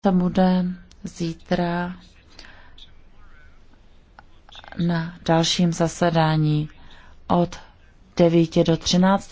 to bude zítra na dalším zasedání od 9 do 13.